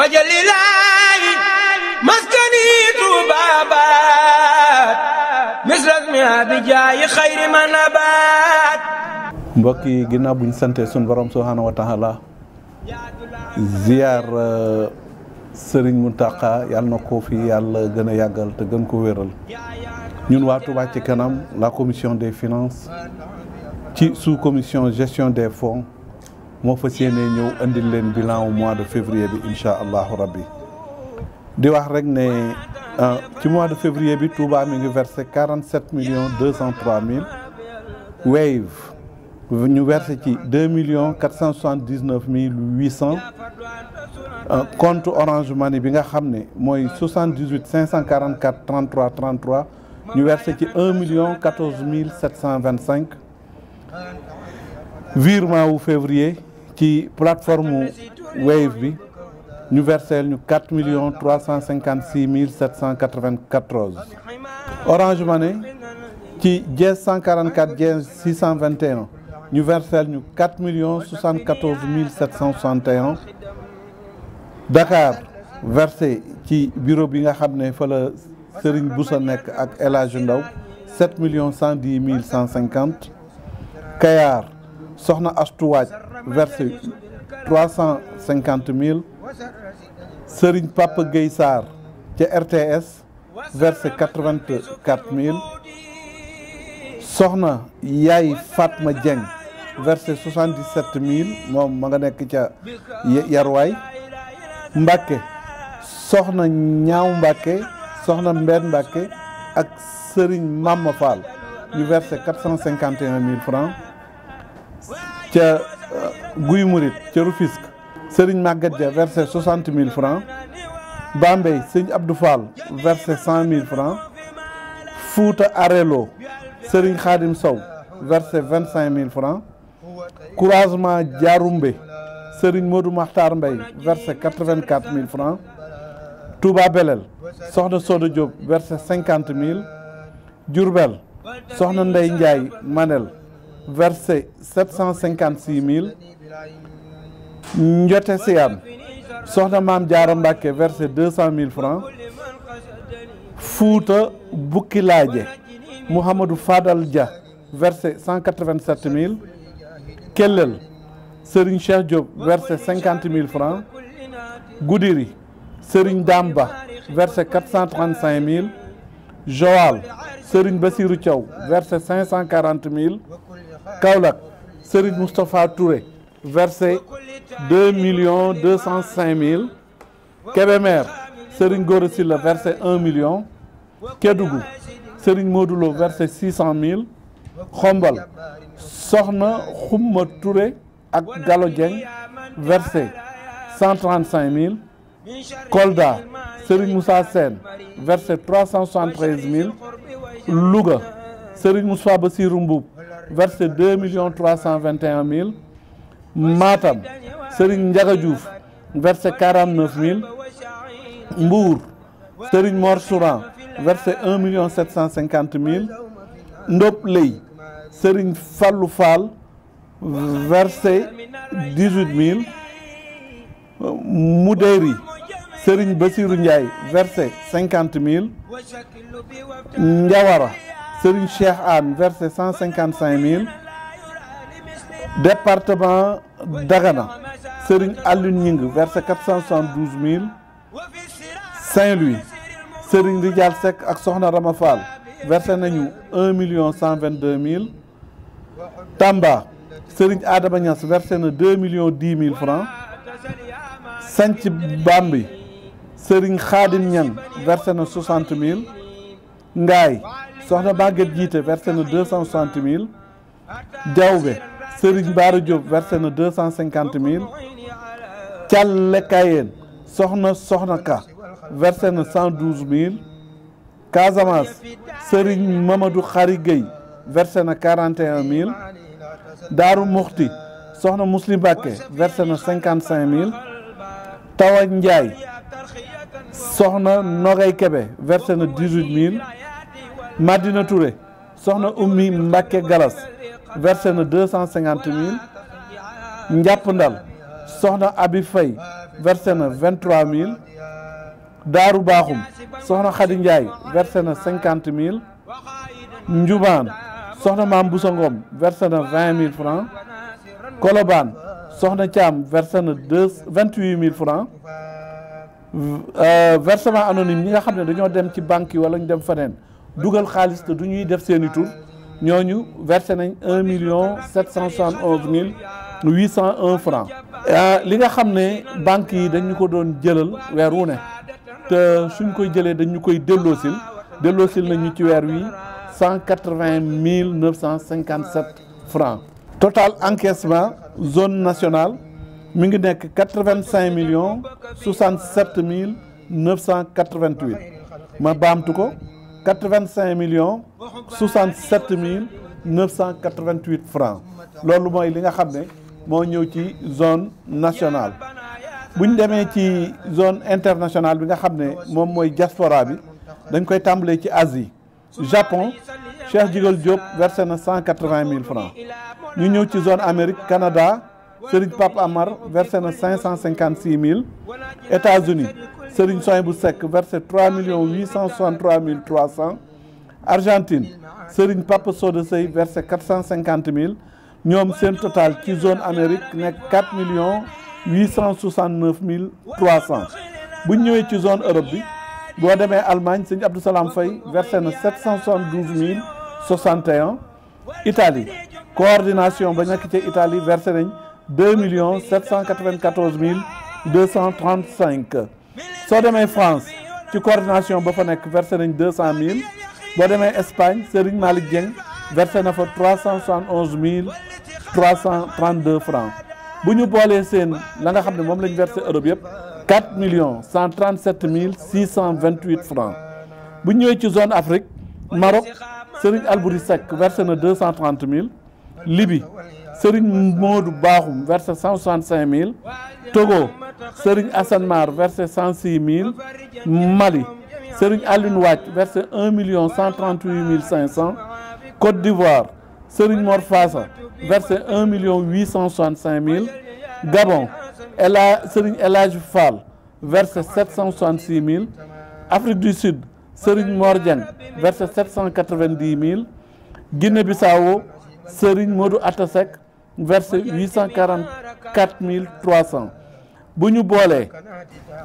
wajalilaayi maskani Tuubaa baat misras mi abijaayi xayri abaat mbokk yi ginnaaw bu ñu sante suñu borom subhaanahu wa taala ziyaar euh, sëriñ Mountakha yàlla na ko fi yàlla gën a yàggal te gën ko wéral ñun waa Touba ci kanam la commission des finance ci sous commission gestion des fonds moo fas yéene ñëw andil leen bilan mois de février bi incha allahu rabbi di wax rek ne euh, ci mois de février bi Touba mi ngi versé quarante sept millions deux cent trois mille Wave ñu ci deux millions quatre cent soixante dix neuf mille huit cent euh, compte Orange Money bi nga xam ne mooy soixante dix huit cinq cent quarante quatre trente trois trente trois ñu versé ci un million quatorze mille sept cent vingt cinq virement wu février ci plateforme Wave bi ñu verseel ñu quatre millions trois cinquante six mille sept cent quatre vingt quatorze Orange ci dièse cent quarante quatre dièse six cent vingt et un ñu verseel ñu quatre millions soixante mille sept cent soixante Dakar versé ci bureau bi nga xam ne fa la bu sa nekk ak El Hadj Ndaw sept millions cent dix mille cent cinquante Kayar soxna astuwaaj verse trois cent mille sëriñ papa Guèye Sarr ca RTS verse quatre mille soxna yaay Fatma Dieng verse soixante-dix-sept mille moom ma nga nekk ca yarwaay Mbacke soxna ñaaw Mbacke soxna mbenn Mbacke ak sëriñ Mama Fall ñu verse quatre cent cinquante ca euh, Guy Murit ca Rufisque Serigne Maguette Dia versé soixante mille francs Bambey Serigne Abdou Fall versé cent mille francs Fouta Arelo Serigne Khadim Sow versé vingt cinq mille francs Couragement Diaroumbe Serigne Modou Makhtar Mbaye versé quatre vingt quatre mille francs Touba Soxna Soda Diop cinquante mille Diourbel Soxna Ndey Ndiaye Manel verset 756 mille Njote Siyaan soxna maam Jaara Mbàkke verset 200 mille francs Fuuta Bukki Laaje Mouhamadou Fadal Dia verset 187 mille Kellel Serigne Cheikh Diop verset 50 mille francs Goudiri Serigne Damba verset 435 mille Joal Serigne Bassirou Thiaw verset 540 mille Kaolack Serigne Moustapha Touré versé deux millions deux cent mille Kébémer Serigne Gora Sylla versé un million Kédougou Serigne Modou Lo versé six cent mille Xombal Soxna Xumma Touré ak Gallo Dieng versé cinq mille Kolda Serigne Moussa Sène versé trois cent mille Louga Serigne Moussa Bassirou Mboub versé deux millions trois cent vingt et un mille Matam Serigne Ndiaga Diouf versé quarante mille Mbour Serigne Mor Souran versé un million sept cent cinquante mille Ndop Ley Serigne Fallou Fall versé dix huit mille Moudéri Serigne cinquante mille Ndiawara Serigne Cheikh Anne versé cent cinquante cinq mille département Dagana Serigne Alioune Gningue versé quatre cent soixante douze mille Saint-Louis Serigne Ridial Seck ak Soxna Rama Fall nañu un million cent vingt deux mille Tamba Serigne Adama Niass versé na deux millions dix mille francs Sanc Bambi Serigne Khadim Niang versé na soixante mille Ngaye soxna Maguette Djité versé na deux cent soixante mille Diawbe Serigne Bara Diop na deux cent cinquante mille Thialé Kayeen soxna soxna Ka versé na cent douze mille Casamance Serigne Mamadou na quarante mille Daaru Muxti soxna Muslim Bakke na cinquante cinq mille Tawa Ndiaye soxna Nogay Kebe versé na dix Madina Touré soxna ummi Mbacke Galas versé na deux cent cinquante mille njàpp ndal soxna Abi Faye versé na vingt trois mille daaru baaxum soxna Khady Ndiaye versé na cinquante mille njubaan soxna maam Bousso Ngom versé na vingt mille francs kolobaan soxna Thiam versé na deux vingt huit mille francs euh, versement anonyme ñi nga xam ne dañoo dem ci banque yi wala ñu dem feneen dugal xaalis te du ñuy def seen i tur ñooñu versé nañ un million sept cent soixante onze mille huit cent un franc. Euh, li nga xam ne banque yi dañu ko doon jëlal weer wu ne te suñ ko jëlee dañu koy delloosil delloosil nañu ci weer wi cent quatre vingt mille neuf cinquante sept francs. total encaissement zone nationale mu ngi nekk quatre vingt cinq millions soixante sept mille neuf cent quatre vingt huit ma baamtu ko. quatre-vingt-cinq millions soixante-sept mille neuf cent quatre francs loolu mooy li nga xam ne moo ñëw ci zone nationale bu ñu demee ci zone internationale bi nga xam ne moom mooy diaspora bi dañ koy tàmbalee ci Asie Japon Cheikh Jigal Diop versé na cent quatre-vingt mille francs ñu ñëw ci zone Amérique Canada Serigne Pape Amar versé na cinq cent cinquante six mille États-Unis Serigne Souhaïbou Seck versé trois millions huit cent soixante trois mille trois cent Argentine Serigne Papa Soda Sey versé quatre cent cinquante mille ñoom seen total ci zone Amérique nekk quatre millions huit cent soixante neuf mille trois cent bu ñu ñëwee ci zone Europe bi boo demee Allemagne Serigne Abdou Salam Faye versé na sept cent soixante douze mille soixante et un Italie coordination ba nekk ci Italie versé nañ. deux millions sept cent quatre-vingt-quatorze mille deux cent trente soo demee France ci coordination ba fa nekk versé nañ deux cent mille boo demee Espagne Serigne Malick Dieng verse na fa trois cent soixante onze mille trois cent trente deux francs bu ñu boolee seen la nga xam ne moom lañ versé Europe yëpp quatre millions cent trente mille six cent vingt huit francs bu ñu ñëwee ci zone Afrique Maroc Serigne Albouri Seck versé na deux cent trente mille Libye Serigne Modou Bakhoum versé cent soixante cinq mille Togo Serigne Assane Mar cent six mille Mali Serigne Alioune verse versé un million cent trente huit mille cinq cent Côte d'Ivoire Serigne Mor Fassa versé un million huit cent soixante cinq mille Gabon Ela Serigne El Hadj Fall versé sept cent soixante mille Afrique du Sud Serigne Mor Dieng versé sept cent quatre vingt dix mille Guinée-Bissau Serigne Modou Atasek verset huit cent quarante quatre mille trois cent bu ñu boolee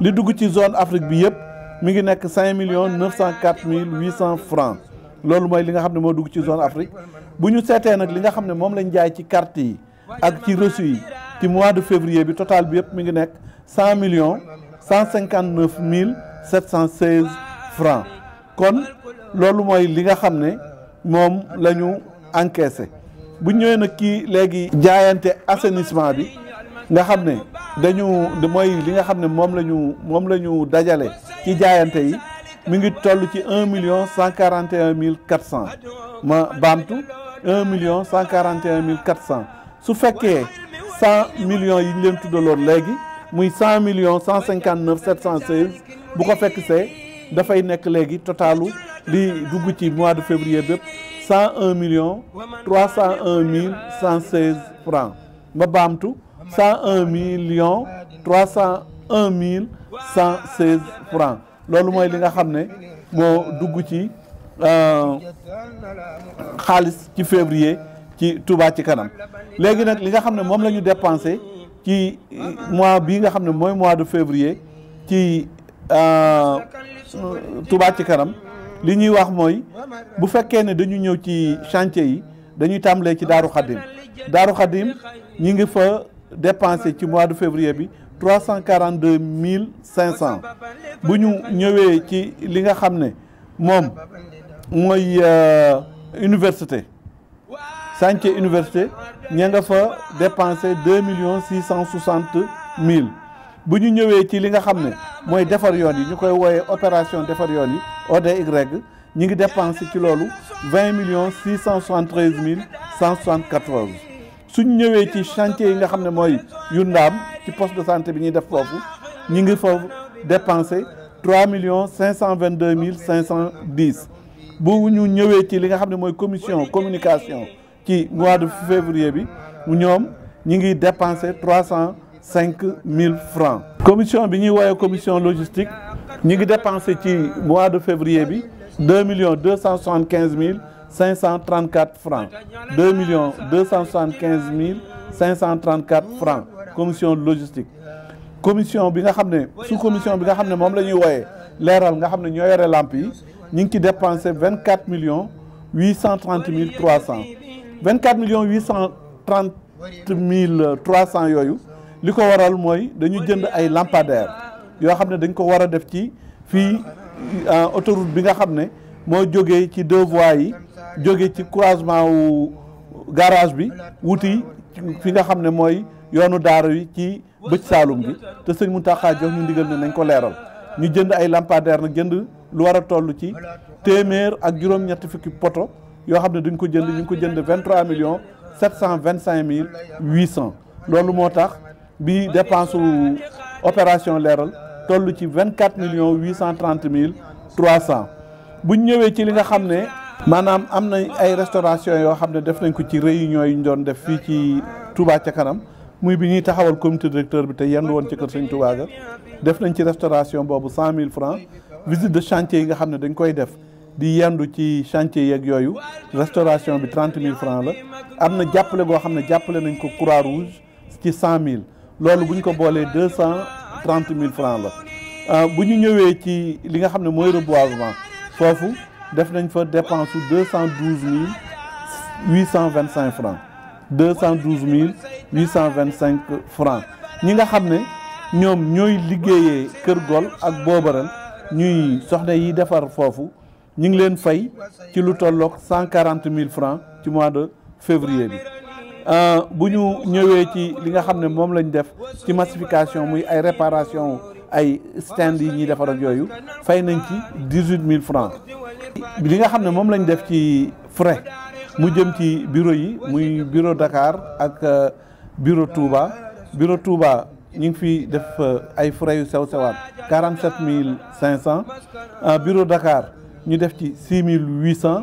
li dugg ci zone Afrique bi yëpp mi ngi nekk cinq millions neuf cent quatre mille huit cent francs loolu mooy li nga xam ne moo dugg ci zone Afrique bu ñu seetee nag li nga xam ne moom lañ jaay ci carte yi ak ci reçu yi ci mois de février bi total bi yëpp mu ngi nekk cent million cent cinquante neuf mille sept cent seize francs kon loolu mooy li nga xam ne moom lañu ñu bu ñëwee nag kii léegi jaayante assainissement bi nga xam ne dañu mooy li nga xam ne moom la ñu moom la ñu dajale ci jaayante yi mu ngi toll ci un million cent quarante mille quatre cent ma baamtu un million cent quarante mille quatre cent su fekkee cent millions yi ñu leen tuddaloon léegi muy cent millions cent cinquante neuf sept cent seize bu ko fekk see dafay nekk léegi totalu li dugg ci mois de février bépp cent un million trois cent un mille cent seize francs ma baamtu cent un million trois cent un mille cent seize francs loolu mooy li nga xam ne moo dugg ci euh, xaalis ci février ci Touba ci kanam léegi nag li nga xam ne moom la ñu dépensé ci euh, mois bii nga xam ne mooy mois de février ci euh, Touba ci kanam li ñuy wax mooy bu fekkee ne dañu ñëw ci chantier yi dañuy tàmbalee ci Daaru Xadim Daaru Xadim ñi ngi fa dépensé ci mois de février bi trois cent quarante mille cinq cent bu ñu ñëwee ci li nga xam ne moom mooy euh, université chantier université ña nga fa dépensé deux millions six cent soixante mille bu ñu ñëwee ci li nga xam ne mooy defar yoon yi ñu koy wooyee opération defar yoon yi ODY ñi ngi dépensé ci loolu vingt millions six cent soixante treize mille cent soixante quatorze suñ ñëwee ci chantier yi nga xam ne mooy yu ndaam ci poste de santé bi ñuy def foofu ñi ngi foofu dépensé trois millions cinq cent vingt deux mille cinq cent dix bu ñu ñëwee ci li nga xam ne mooy commission communication ci mois de février bi ñoom ñi ngi dépensé trois cent cinq mille francs commission bi ñuy woowee commission logistique ñu ngi dépensé ci mois de février bi deux millions deux cent soixante quinze mille cinq cent trente quatre francs deux millions deux cent soixante quinze mille cinq cent trente quatre francs commission logistique commission bi nga xam ne sous commission bi nga xam ne moom la ñuy wooyee leeral nga xam ne ñoo yare làmp yi ñu ngi ci dépensé vingt quatre millions huit cent trente mille trois cent vingt quatre millions huit cent trente mille trois cent yooyu li ko waral mooy dañu jënd ay lampadaire yoo xam ne dañ ko war a def ci fii euh, autoroute bi nga xam ne moo jóge ci deux voies yi jóge ci croisement wu garage bi wuti fi nga xam ne mooy yoonu daaru yi ci bëj saalum bi te sëñ mu Mountakha jox ñu ndigal ne nañ ko leeral ñu jënd ay lampadaire nag jënd lu war a toll ci téeméer ak juróom-ñetti fukki poto yoo xam ne dañ ko jënd ñu ngi ko jënd vingt trois millions cent vingt cinq mille huit loolu moo tax bi dépense opération leeral toll ci vingt quatre millions huit cent trente mille trois cent bu ñu ñëwee ci li nga xam ne maanaam am na ay restauration yoo xam ne def nañ ko ci réunion yi ñu doon def fii ci Touba ca kanam muy bi ñuy taxawal comité directeur bi te yendu woon ci kër Sëñ ga def nañ ci restauration boobu cent mille francs visit de chantier yi nga xam ne dañ koy def di yendu ci chantier yeeg yooyu restauration bi trente mille francs la am na jàppale goo xam ne jàppale nañ ko Croix Rouge ci cent mille loolu bu ñu ko boolee deux cent trente mille francs la euh, bu ñu ñëwee ci li nga xam ne mooy reboisement foofu def nañ fa dépense su deux cent douze mille cent vingt cinq francs deux cent douze mille huit cent vingt cinq francs ñi nga xam ne ñoom ñooy liggéeyee Kër Gol ak Boobaral ñuy soxna yi defar foofu ñu ngi leen fay ci lu tolloog cent quarante mille francs ci mois de février bi Euh, bu ñu ñëwee ci li nga xam ne moom lañu def ci massification muy ay réparation ay stand yi ñuy defar yooyu fay nañ ci dix huit mille francs li nga xam ne moom lañ def ci frais mu jëm ci bureau yi muy bureau Dakar ak euh, bureau Touba bureau Touba ñu ngi fi def euh, ay frais yu sew sewaat quarante sept mille cinq cent bureau Dakar ñu def ci six mille huit cent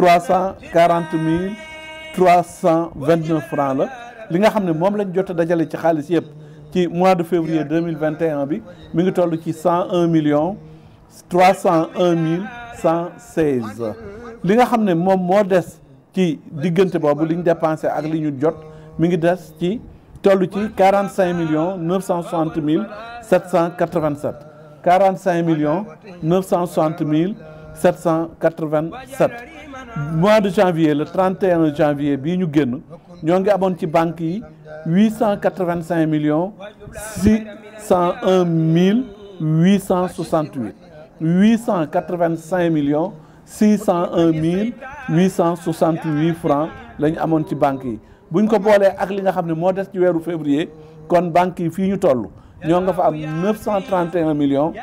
trois cent quarante mille trois cent vingt neuf francs la li nga xam ne moom lañ jot dajale ci xaalis yëpp ci mois de février deux mille vingt et bi mi ngi tollu ci cent un million trois cent un mille cent seize li nga xam ne moom moo des ci diggante boobu li ñu dépensé ak li ñu jot mi ngi des ci toll ci quarante cinq millions neuf cent soixante mille sept cent quatre vingt cinq millions neuf cent mille 787 mois de janvier le 31 janvier bi ñu génn ñoo ngi amoon ci banque yi 885 millions 601 mille 868 885 millions 601 mille 868 francs la ñu amoon ci banque yi buñ ko boolee ak li nga xam ne moo des ci weeru février kon banque yi fii ñu toll ñoo nga fa am 931 millions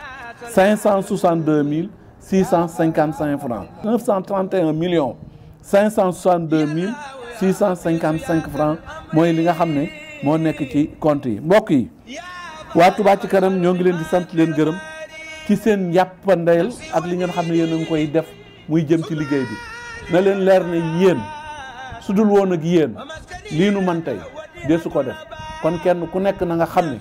562 mille six cent cinquante cinq francs neuf cent trente millions cinq cent soixante deux mille six cent cinquante cinq francs mooy li nga xam ne moo nekk ci compte yi mbokk yi waa Touba ci kanam ñoo ngi leen di sant leen gërëm ci seen yàppandeel ak li ngeen xam ne yéen a ngi koy def muy jëm ci liggéey bi na leen leer ne yéen su dul woon ak yéen lii nu man tey dee su ko def kon kenn ku nekk na nga xam ne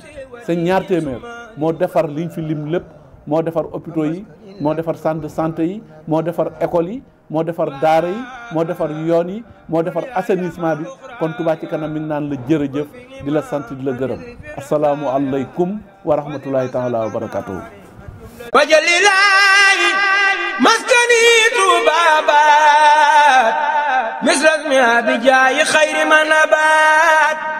seen ñaar téeméer moo defar liñ fi lim lépp moo defar hôpitaux yi moo defar sant de santé yi moo defar école yi moo defar daara yi moo defar yoon yi moo defar assainissement bi kon Touba ci kanam mi naan la jërëjëf di la sant di la gërëm asalaamu aleykum wa rahmatullahi taala wa barakatuhu wajalilaahi maskani tubabat misrasmi bijaayi xayri ma nabat